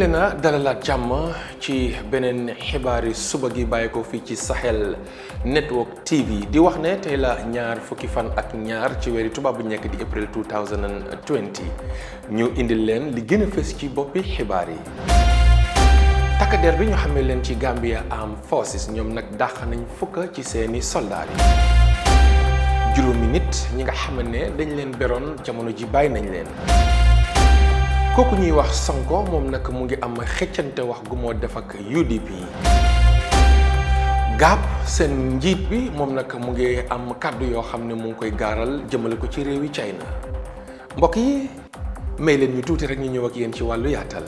mën leen a dalalaat ci beneen xibaari suba gi bàyyi ko fii ci Sahel Network TV di wax ne tey la ñaar fukki fan ak ñaar ci tubaab bu nekk di april 2020 ñu indil leen li gën a fës ci boppi xibaar yi. takk der bi ñu xamee leen ci Gambia Armed Forces ñoom nag dàq nañ fukk ci seeni soldaar yi juróomi nit ñi nga xam ne dañ leen beroon jamono ji bàyyi nañ leen. kooku ñuy wax Sonko moom nag mu ngi am xëccante wax gu moo def ak UDP gàpp seen njiit bi moom nag mu ngi am kàddu yoo xam ne mu ngi koy gaaral jëmale ko ci réewi China mbokk yi may leen tuuti rek ñu ñëw ak yéen ci wàllu yaatal.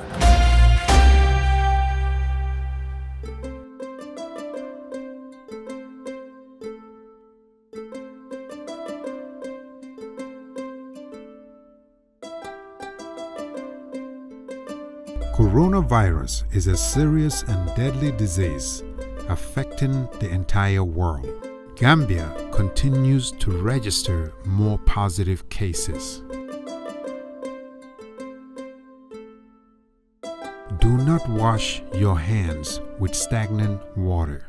coronavirus is a serious and deadly disease affecting the entire world. Gambia continues to register more positive cases. Do not wash your hands with stagnant water.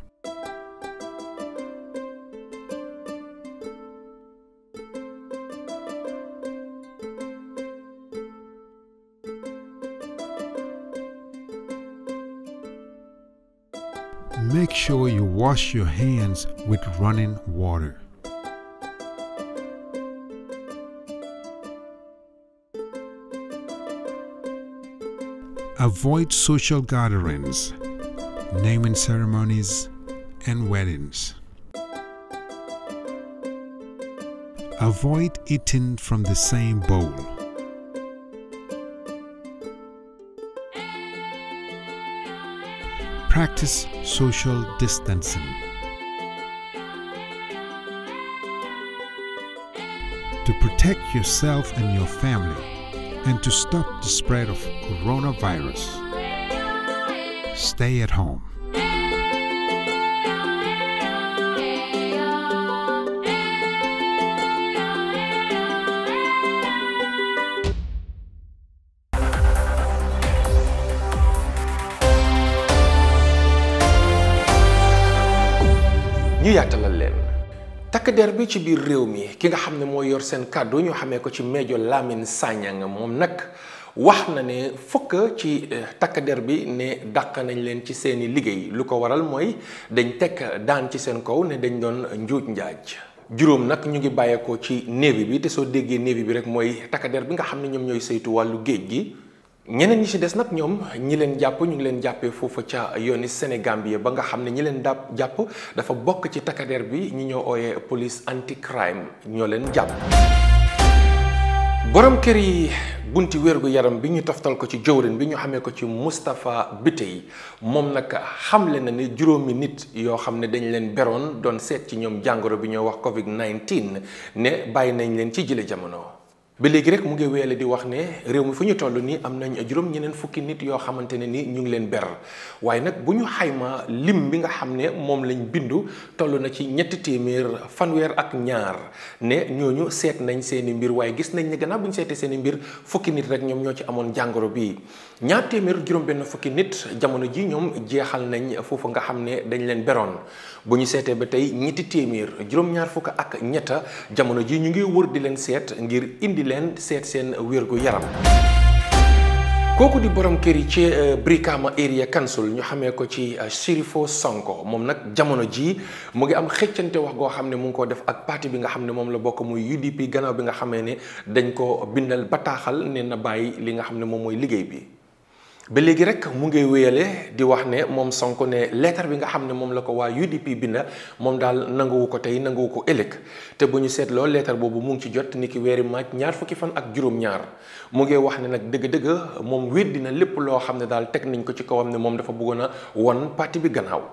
make sure you wash your hands with running water. Avoid social gatherings, naming ceremonies, and weddings. Avoid eating from the same bowl. practice social distancing. To protect yourself and your family and to stop the spread of coronavirus, stay at home. ñu yaatalal leen takk der bi ci biir réew mi ki nga xam ne mooy yor seen kàddu ñoo xamee ko ci Major Lamine Sagnang moom nag wax na ne fukk ci eh, takk der bi ne dàq nañ leen ci seeni liggéey lu ko waral mooy dañ tekk daan ci seen kaw ne dañ doon njuuj njaaj juróom nag ñu ngi bàyyeekoo ci néevi bi te soo déggee néevi bi rek mooy takk der bi nga xam ne ñoom ñooy saytu wàllu géej gi ñeneen ñi ci des nag ñoom ñi leen jàpp ñu ngi leen jàppee foofa ca yoon yooni Sénégambie ba nga xam ne ñi leen dàpp jàpp dafa bokk ci takkadeer bi ñu ñoo ooyee police anti ñoo leen jàpp borom kër yi bunti wérgu yaram bi ñu toftal ko ci jëwrin bi ñu xamee ko ci Moustapha Biteye moom nag xam leen na ni juróomi nit yoo xam ne dañ leen beroon doon seet ci ñoom jàngoro bi ñoo wax Covid 19 ne bàyyi nañ leen ci jële jamono. ba léegi rek mu ngi weele di wax ne réew mi fu ñu toll nii am nañ juróom ñeneen fukki nit yoo xamante ne nii ñu ngi leen ber waaye nag bu ñu xayma lim bi nga xam ne moom lañ bindu toll na ci ñetti téeméer fanweer ak ñaar ne ñooñu seet nañ seeni mbir waaye gis nañ ne gannaaw bu ñu seetee seeni mbir fukki nit rek ñoom ñoo ci amoon jàngoro bi ñaar téeméer juróom fukki nit jamono ji ñoom jeexal nañ foofu nga xam ne dañ leen beroon bu ñu seetee ba tey ñetti téeméer juróom-ñaar fukk ak ñetta jamono ji ñu ngi wër di leen seet ngir indi leen seet seen wérgu yaram kooku di borom kër yi ci euh, Brikama Area Council ñu xamee ko ci euh, Sirifo Sonko moom nag jamono jii mu ngi am xëccante wax goo xam ne mu ngi ko def ak parti bi nga xam ne moom la bokk muy UDP gannaaw bi nga xamee ne dañ ko bindal bataaxal ne na bàyyi li nga xam ne moom mooy liggéey bi ba léegi rek mu ngi wéyale di wax ne moom sonko ne lettre bi nga xam ne la ko waa udp bind mom dal nanguwu ko tey nanguwu ko élec te bu ñu seetloo lettre boobu mu ngi ci jot ni ki weeri maaj ñaar fukki fan ak juróom-ñaar mu ngi wax ne nag dëgg-dëgg moom weddi lépp loo xam ne daal nañ ko ci kawam ne moom dafa bëggoon won parti bi gannaaw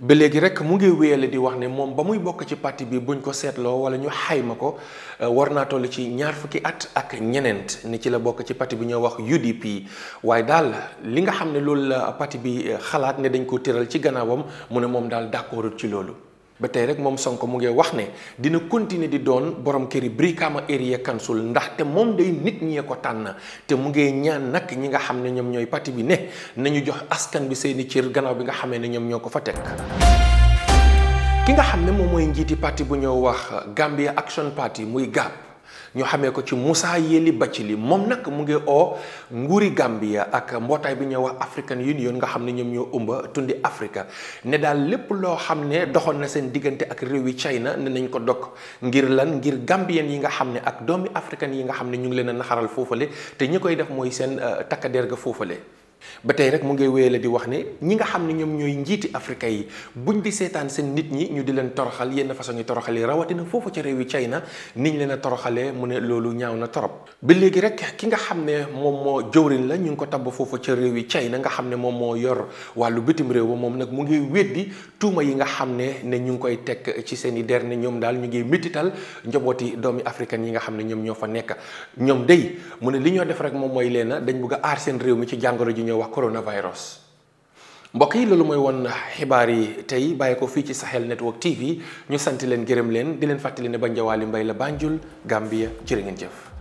ba léegi rek mu ngi wéyale di wax ne moom ba muy bokk ci parti bi buñ ko seetloo wala ñu xayma ko euh, war naa toll ci ñaar fukki at ak ñeneent ni ci la bokk ci parti bi ñoo wax UDP waaye daal li nga xam ne loolu la parti bi euh, xalaat ne dañ ko tëral ci gannaawam mu ne moom daal d'accordul ci loolu Betul, tey rek moom sonko mu ngi wax ne dina continuer di doon borom këri brikama erie kansul ndax te moom day nit ñi ko tànn te mu ngi ñaan nag ñi nga xam ne ñoom parti bi ne nañu jox askan bi seeni cër gannaaw bi nga xamee ne ñoom ñoo fa tekk ki nga xam ne moom mooy parti bu ñoo wax gambia action party muy gap. ñoo xamee ko ci Moussa bacc li moom nag mu ngi oo nguuri Gambia ak mbootaay bi ñuy wax African Union nga xam ne ñoom ñoo umba tundi africa ne daal lépp loo xam ne doxoon na seen diggante ak réew yi China ne nañ ko dog ngir lan ngir Gambien yi nga xam ne ak doomi african yi nga xam ne ñu ngi leen a naxaral foofale te ñi koy def mooy seen euh, takkadeer ga foofale ba tey rek mu ngay wéyale di wax ne ñi nga xam ne ñoom ñooy njiiti africa yi buñ di seetaan seen nit ñi ñu di leen toroxal yenn façon yi toroxal yi rawatina foofu ca réew yi China niñ leen toroxalee mu ne loolu ñaaw na torop ba léegi rek ki nga xam ne moom moo jëwriñ la ñu ngi ko tabb foofu ca réew yi China nga xam ne moom moo yor wàllu bitim réew ba moom nag mu ngi weddi tuuma yi nga xam ne ne ñu ngi koy teg ci seen i der ne ñoom daal ñu ngi métital njabooti doomi africaine yi nga xam ne ñoom ñoo fa nekk ñoom day mu ne li ñoo def rek moom mooy leen dañ bëgg aar seen réew ñuy wax coronavirus. mbokk yi loolu mooy woon xibaar yi tey bàyyi ko fii ci Sahel Network TV ñu santi leen gërëm leen di leen fàttali ne Banjawaali Mbay la Banjul Gambia jërë ngeen jëf.